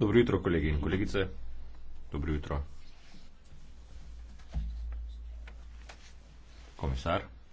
dobro jutro kolegi in kolegice dobro jutro komisar spoštovane kolegice in kolegi.